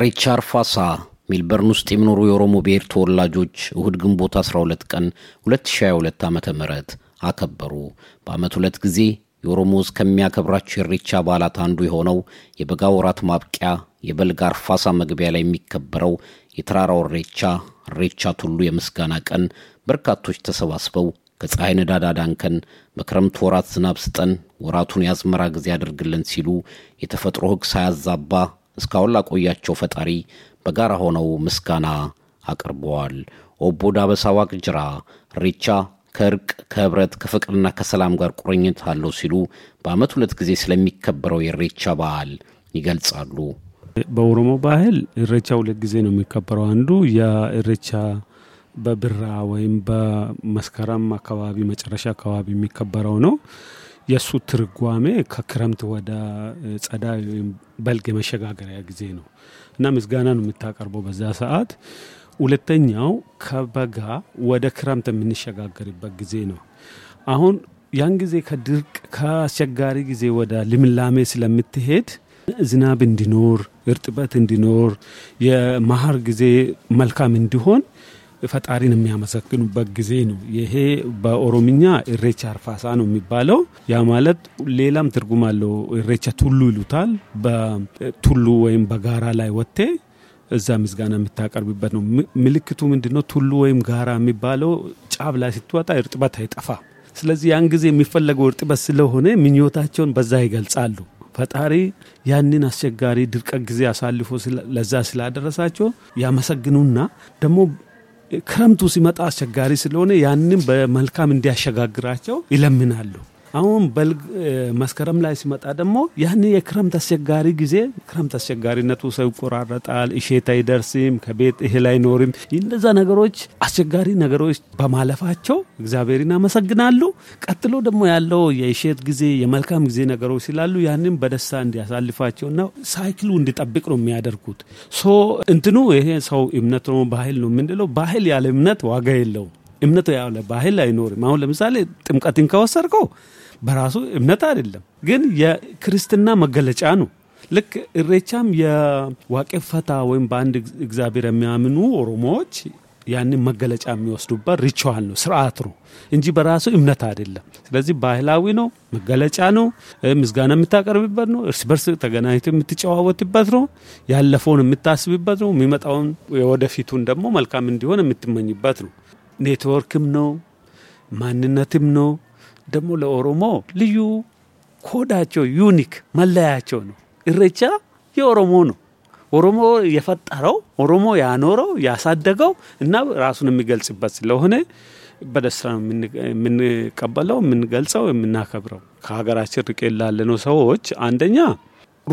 ኢሬቻ አርፋሳ ሜልበርን ውስጥ የሚኖሩ የኦሮሞ ብሔር ተወላጆች እሁድ ግንቦት 12 ቀን 2022 ዓ ም አከበሩ። በዓመት ሁለት ጊዜ የኦሮሞ ሕዝብ ከሚያከብራቸው የኢሬቻ በዓላት አንዱ የሆነው የበጋ ወራት ማብቂያ የበልግ አርፋሳ መግቢያ ላይ የሚከበረው የተራራው ኢሬቻ ኢሬቻ ቱሉ የምስጋና ቀን በርካቶች ተሰባስበው ከፀሐይ ነዳድ አዳንከን፣ በክረምት ወራት ዝናብ ስጠን፣ ወራቱን የአዝመራ ጊዜ ያደርግልን ሲሉ የተፈጥሮ ህግ ሳያዛባ እስካሁን ላቆያቸው ፈጣሪ በጋራ ሆነው ምስጋና አቅርበዋል። ኦቦ ዳበሳ ዋቅጅራ ሬቻ ከእርቅ ከህብረት፣ ከፍቅርና ከሰላም ጋር ቁርኝት አለው ሲሉ በዓመት ሁለት ጊዜ ስለሚከበረው የሬቻ በዓል ይገልጻሉ። በኦሮሞ ባህል እሬቻ ሁለት ጊዜ ነው የሚከበረው። አንዱ የእሬቻ በብራ ወይም በመስከረም አካባቢ መጨረሻ አካባቢ የሚከበረው ነው። የእሱ ትርጓሜ ከክረምት ወደ ጸዳ በልግ የመሸጋገሪያ ጊዜ ነው እና ምስጋና ነው የምታቀርበው በዛ ሰዓት። ሁለተኛው ከበጋ ወደ ክረምት የምንሸጋገርበት ጊዜ ነው። አሁን ያን ጊዜ ከድርቅ ከአስቸጋሪ ጊዜ ወደ ልምላሜ ስለምትሄድ ዝናብ እንዲኖር፣ እርጥበት እንዲኖር፣ የመሀር ጊዜ መልካም እንዲሆን ፈጣሪን የሚያመሰግኑበት ጊዜ ነው። ይሄ በኦሮምኛ እሬቻ አርፋሳ ነው የሚባለው። ያ ማለት ሌላም ትርጉም አለው። እሬቻ ቱሉ ይሉታል። በቱሉ ወይም በጋራ ላይ ወጥቴ እዛ ምስጋና የምታቀርብበት ነው። ምልክቱ ምንድነው? ቱሉ ወይም ጋራ የሚባለው ጫፍ ላይ ስትወጣ እርጥበት አይጠፋ። ስለዚህ ያን ጊዜ የሚፈለገው እርጥበት ስለሆነ ምኞታቸውን በዛ ይገልጻሉ። ፈጣሪ ያንን አስቸጋሪ ድርቀት ጊዜ አሳልፎ ለዛ ስላደረሳቸው ያመሰግኑና ደግሞ ክረምቱ ሲመጣ አስቸጋሪ ስለሆነ ያንን በመልካም እንዲያሸጋግራቸው ይለምናሉ። አሁን በልግ መስከረም ላይ ሲመጣ ደግሞ ያን የክረምት አስቸጋሪ ጊዜ ክረምት አስቸጋሪነቱ ሰው ይቆራረጣል፣ እሼት አይደርስም፣ ከቤት እህል አይኖርም። እነዛ ነገሮች አስቸጋሪ ነገሮች በማለፋቸው እግዚአብሔርን አመሰግናሉ። ቀጥሎ ደግሞ ያለው የእሸት ጊዜ የመልካም ጊዜ ነገሮች ስላሉ ያንን በደስታ እንዲያሳልፋቸውና ሳይክሉ እንዲጠብቅ ነው የሚያደርጉት። ሶ እንትኑ ይሄ ሰው እምነት ነው ባህል ነው የምንለው። ባህል ያለ እምነት ዋጋ የለውም። እምነት ያለ ባህል አይኖርም። አሁን ለምሳሌ ጥምቀትን ከወሰድከው በራሱ እምነት አይደለም፣ ግን የክርስትና መገለጫ ነው። ልክ እሬቻም የዋቄ ፈታ ወይም በአንድ እግዚአብሔር የሚያምኑ ኦሮሞዎች ያንን መገለጫ የሚወስዱበት ሪቸዋል ነው፣ ስርዓት ነው እንጂ በራሱ እምነት አይደለም። ስለዚህ ባህላዊ ነው፣ መገለጫ ነው፣ ምስጋና የምታቀርብበት ነው፣ እርስ በርስ ተገናኝቶ የምትጨዋወትበት ነው፣ ያለፈውን የምታስብበት ነው፣ የሚመጣውን የወደፊቱን ደግሞ መልካም እንዲሆን የምትመኝበት ነው። ኔትወርክም ነው፣ ማንነትም ነው ደግሞ ለኦሮሞ ልዩ ኮዳቸው ዩኒክ መለያቸው ነው። ኢሬቻ የኦሮሞ ነው። ኦሮሞ የፈጠረው ኦሮሞ ያኖረው ያሳደገው እና ራሱን የሚገልጽበት ስለሆነ በደስታ የምንቀበለው፣ የምንገልጸው፣ የምናከብረው። ከሀገራችን ርቄ ላለነው ሰዎች አንደኛ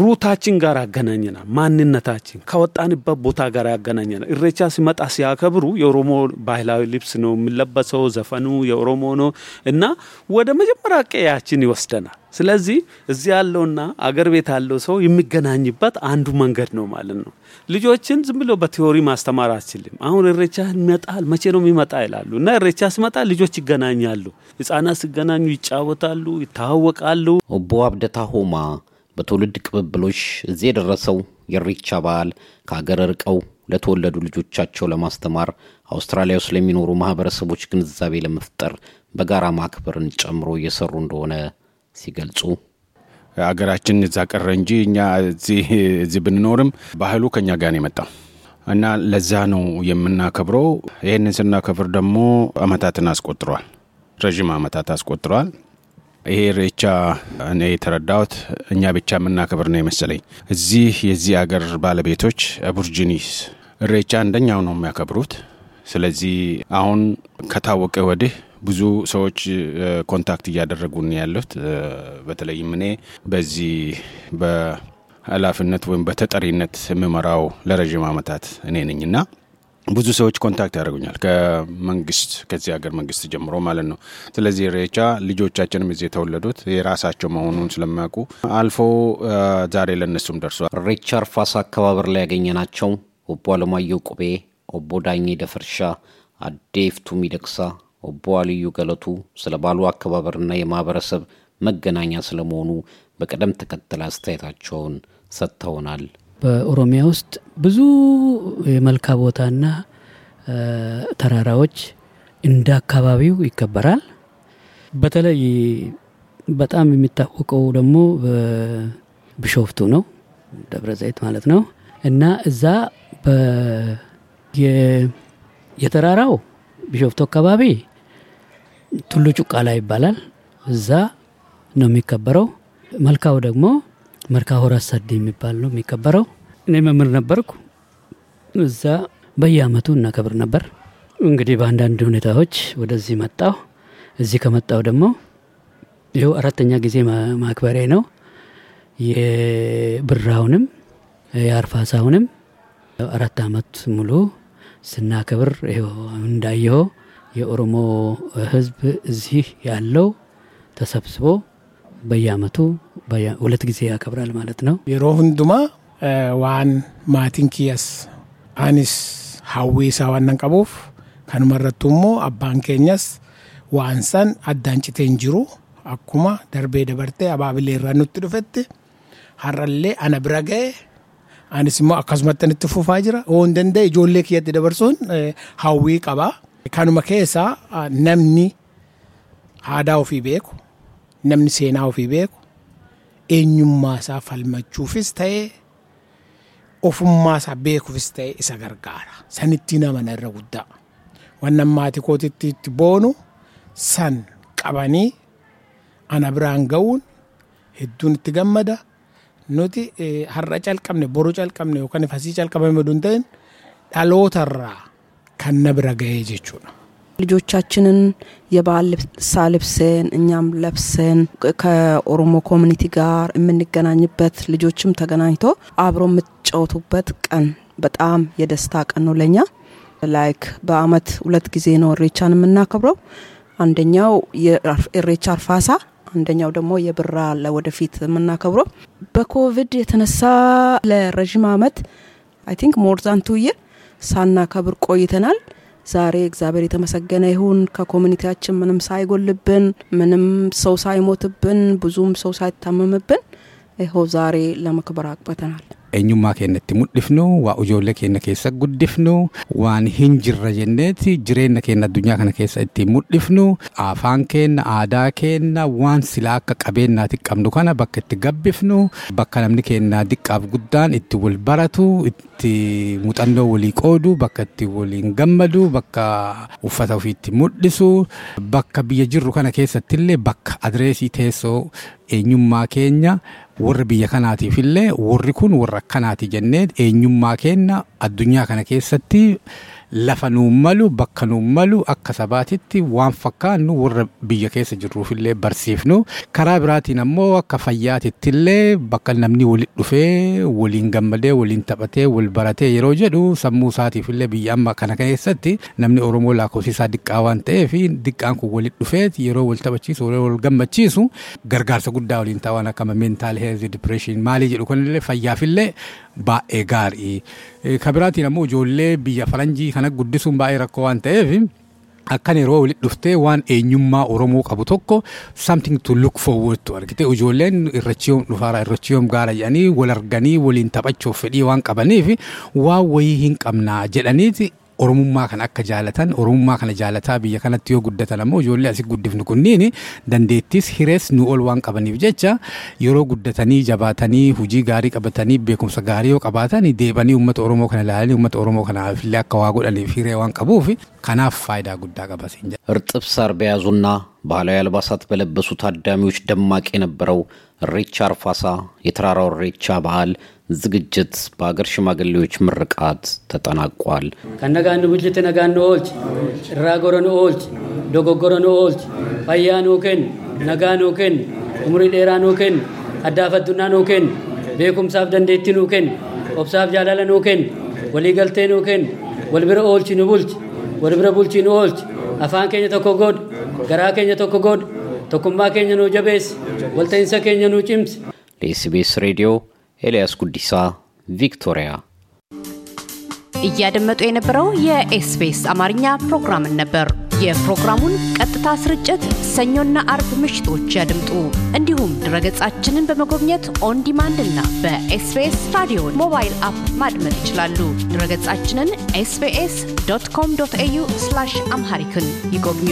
ሩታችን ጋር ያገናኘናል። ማንነታችን ከወጣንበት ቦታ ጋር ያገናኘናል። እሬቻ ሲመጣ ሲያከብሩ የኦሮሞ ባህላዊ ልብስ ነው የሚለበሰው፣ ዘፈኑ የኦሮሞ ነው እና ወደ መጀመሪያ ቀያችን ይወስደናል። ስለዚህ እዚህ ያለውና አገር ቤት ያለው ሰው የሚገናኝበት አንዱ መንገድ ነው ማለት ነው። ልጆችን ዝም ብሎ በቴዎሪ ማስተማር አችልም። አሁን እሬቻ ይመጣል መቼ ነው የሚመጣ ይላሉ እና እሬቻ ሲመጣ ልጆች ይገናኛሉ። ህጻናት ሲገናኙ ይጫወታሉ፣ ይታወቃሉ። ቦ አብደታ ሆማ በትውልድ ቅብብሎች እዚህ የደረሰው የሪቻ በዓል ከሀገር ርቀው ለተወለዱ ልጆቻቸው ለማስተማር አውስትራሊያ ውስጥ ለሚኖሩ ማህበረሰቦች ግንዛቤ ለመፍጠር በጋራ ማክበርን ጨምሮ እየሰሩ እንደሆነ ሲገልጹ አገራችን እዛ ቀረ እንጂ እኛ እዚህ ብንኖርም ባህሉ ከኛ ጋር የመጣው እና ለዛ ነው የምናከብረው። ይህንን ስናከብር ደግሞ አመታትን አስቆጥሯል፣ ረዥም አመታት አስቆጥሯል። ይሄ ሬቻ እኔ የተረዳሁት እኛ ብቻ የምናከብር ነው የመሰለኝ። እዚህ የዚህ አገር ባለቤቶች አቡርጂኒስ ሬቻ እንደኛው ነው የሚያከብሩት። ስለዚህ አሁን ከታወቀ ወዲህ ብዙ ሰዎች ኮንታክት እያደረጉን ያሉት በተለይም እኔ በዚህ በኃላፊነት ወይም በተጠሪነት የምመራው ለረዥም ዓመታት እኔ ነኝና ብዙ ሰዎች ኮንታክት ያደርጉኛል ከመንግስት ከዚህ ሀገር መንግስት ጀምሮ ማለት ነው። ስለዚህ ሬቻ ልጆቻችንም እዚህ የተወለዱት የራሳቸው መሆኑን ስለሚያውቁ አልፎ ዛሬ ለእነሱም ደርሷል። ኢሬቻ አርፋሳ አከባበር ላይ ያገኘናቸው ኦቦ አለማየሁ ቁቤ፣ ኦቦ ዳኜ ደፈርሻ፣ አዴ ሚደቅሳ፣ ኦቦ አልዩ ገለቱ ስለ ባሉ አከባበርና የማህበረሰብ መገናኛ ስለመሆኑ በቅደም ተከተል አስተያየታቸውን ሰጥተውናል። በኦሮሚያ ውስጥ ብዙ የመልካ ቦታና ተራራዎች እንደ አካባቢው ይከበራል። በተለይ በጣም የሚታወቀው ደግሞ ብሾፍቱ ነው፣ ደብረ ዘይት ማለት ነው። እና እዛ የተራራው ቢሾፍቱ አካባቢ ቱሉ ጩቃላ ይባላል። እዛ ነው የሚከበረው። መልካው ደግሞ መርካ ሆራ ሳዴ የሚባል ነው የሚከበረው። እኔ መምህር ነበርኩ እዛ በየአመቱ እናከብር ነበር። እንግዲህ በአንዳንድ ሁኔታዎች ወደዚህ መጣሁ። እዚህ ከመጣሁ ደግሞ ይኸው አራተኛ ጊዜ ማክበሬ ነው። የብራውንም የአርፋሳውንም አራት አመት ሙሉ ስናከብር ይኸው እንዳየኸው የኦሮሞ ህዝብ እዚህ ያለው ተሰብስቦ በየአመቱ ሁለት yaa ያከብራል ማለት ነው። Yeroo hundumaa waan maatiin kiyas anis hawwii isaa waan nan qabuuf irrattu immoo abbaan keenyas waan san addaan citeen jiru akkuma darbee dabartee abaabilee irraa nutti dhufette har'allee ana bira ga'e anis immoo akkasumatti itti fufaa jira hin danda'e ijoollee kiyyatti dabarsuun hawwii qaba. Kanuma keessaa namni aadaa ofii beeku namni seenaa ofii beeku eenyummaa isaa falmachuufis ta'ee ofummaa isaa beekuufis ta'ee isa gargaara. San namana irra guddaa. Wanna maatii kootitti itti boonu san qabanii ana biraan ga'uun hedduun itti gammada. Nuti eh, har'a calqabne boru calqabne yookaan fasii calqabame hin ta'in dhalootarraa kan kanna bira ga'ee jechuudha. ልጆቻችንን የባህል ልብሳ ልብስን እኛም ለብስን ከኦሮሞ ኮሚኒቲ ጋር የምንገናኝበት ልጆችም ተገናኝቶ አብሮ የምትጫወቱበት ቀን በጣም የደስታ ቀን ነው ለኛ። ላይክ በአመት ሁለት ጊዜ ነው እሬቻን የምናከብረው። አንደኛው የእሬቻ አርፋሳ፣ አንደኛው ደግሞ የብራ ለወደፊት የምናከብረው። በኮቪድ የተነሳ ለረዥም አመት አይ ቲንክ ሞር ዛን ቱ ይር ሳናከብር ቆይተናል። ዛሬ እግዚአብሔር የተመሰገነ ይሁን። ከኮሚኒቲያችን ምንም ሳይጎልብን፣ ምንም ሰው ሳይሞትብን፣ ብዙም ሰው ሳይታመምብን ይኸው ዛሬ ለመክበር አቅበተናል። eenyummaa keenya itti mul'ifnu waa ijoollee keenya keessa guddifnu waan hin jirra jenneeti jireenya keenya addunyaa kana keessa itti mul'ifnu afaan keenya aadaa keenya waan silaa akka qabeenyaatti qabnu kana bakka itti gabbifnu bakka namni keenya diqqaaf guddaan itti wal baratu itti muuxannoo walii qoodu bakka itti waliin gammadu bakka uffata ofiitti mul'isu bakka biyya jirru kana keessattillee bakka adireesii teessoo eenyummaa keenya warri biyya kanaatiif illee warri kun warra akkanaati jennee eenyummaa keenya addunyaa kana keessatti lafa nuun malu bakka nuun malu akka sabaatitti waan fakkaannu warra biyya keessa jirruufillee barsiifnu karaa biraatiin ammoo akka illee bakka namni waliin dhufee waliin gammadee waliin taphatee wal baratee yeroo jedhu sammuu illee biyya amma kana keessatti namni Oromoo lakkoofsisaa diqqaa waan fi diqqaan kun waliin dhufee yeroo wal taphachiisu yeroo wal gammachiisu gargaarsa guddaa waliin ta'an akka mentaal health depression maalii jedhu kunillee fayyaafillee baay'ee gaarii. Kana guddisuun baay'ee rakkoo waan ta'eef. Akkan yeroo walitti dhuftee waan eenyummaa Oromoo qabu tokko something to look forward to ijoolleen irrachi yoom dhufaaraa irrachi yoom gaara jedhanii wal arganii waliin taphachoof fedhii waan qabaniif waan wayii hin qabnaa jedhaniiti oromummaa kana akka jaalatan oromummaa kana jaalataa biyya kanatti yoo guddatan ammoo ijoollee asii guddifnu kunniin dandeettis hirees nu ol waan qabaniif jecha yeroo guddatanii jabaatanii hojii gaarii qabatanii beekumsa gaarii yoo qabaatan deebanii uummata oromoo kana ilaalanii uummata oromoo kanaaf illee akka waa godhaniif hiree waan qabuuf kanaaf faayidaa guddaa qaba siin jedha. እርጥብ ሳር በያዙና ባህላዊ አልባሳት በለበሱ ታዳሚዎች ደማቅ የነበረው እሬቻ አርፋሳ የተራራው እሬቻ በዓል Zigijjet baagar shimaagalewoochi mirqaad taxanaaqqoowwan. Kan nagaan nu bulchite nagaan nu oolchi. Irraa gora nu oolchi. dogoggora nu oolchi. Fayyaa nuu kennu. nagaa nuu kennu. Umurii dheeraa nuu kennu. Adda afadduunnaa nuu kennu. Beekumsaaf dandeetti nu kennu. obsaaf jaalala nu nuu kennu. Waliigalteenu nuu kennu. Walbire oolchiinu bulchi. Walbire bulchiinuu oolchi. Afaan keenya tokko godhu. Garaa keenya tokko godhu. Tokkummaa keenya nuu jabeessi. Waltee niisa keenya nu cimsi? Leesbee reediyoo. ኤልያስ ጉዲሳ ቪክቶሪያ። እያደመጡ የነበረው የኤስቢኤስ አማርኛ ፕሮግራምን ነበር። የፕሮግራሙን ቀጥታ ስርጭት ሰኞና አርብ ምሽቶች ያድምጡ። እንዲሁም ድረገጻችንን በመጎብኘት ኦን ዲማንድ እና በኤስቢኤስ ራዲዮ ሞባይል አፕ ማድመጥ ይችላሉ። ድረገጻችንን ኤስቢኤስ ዶት ኮም ዶት ኤዩ አምሃሪክን ይጎብኙ።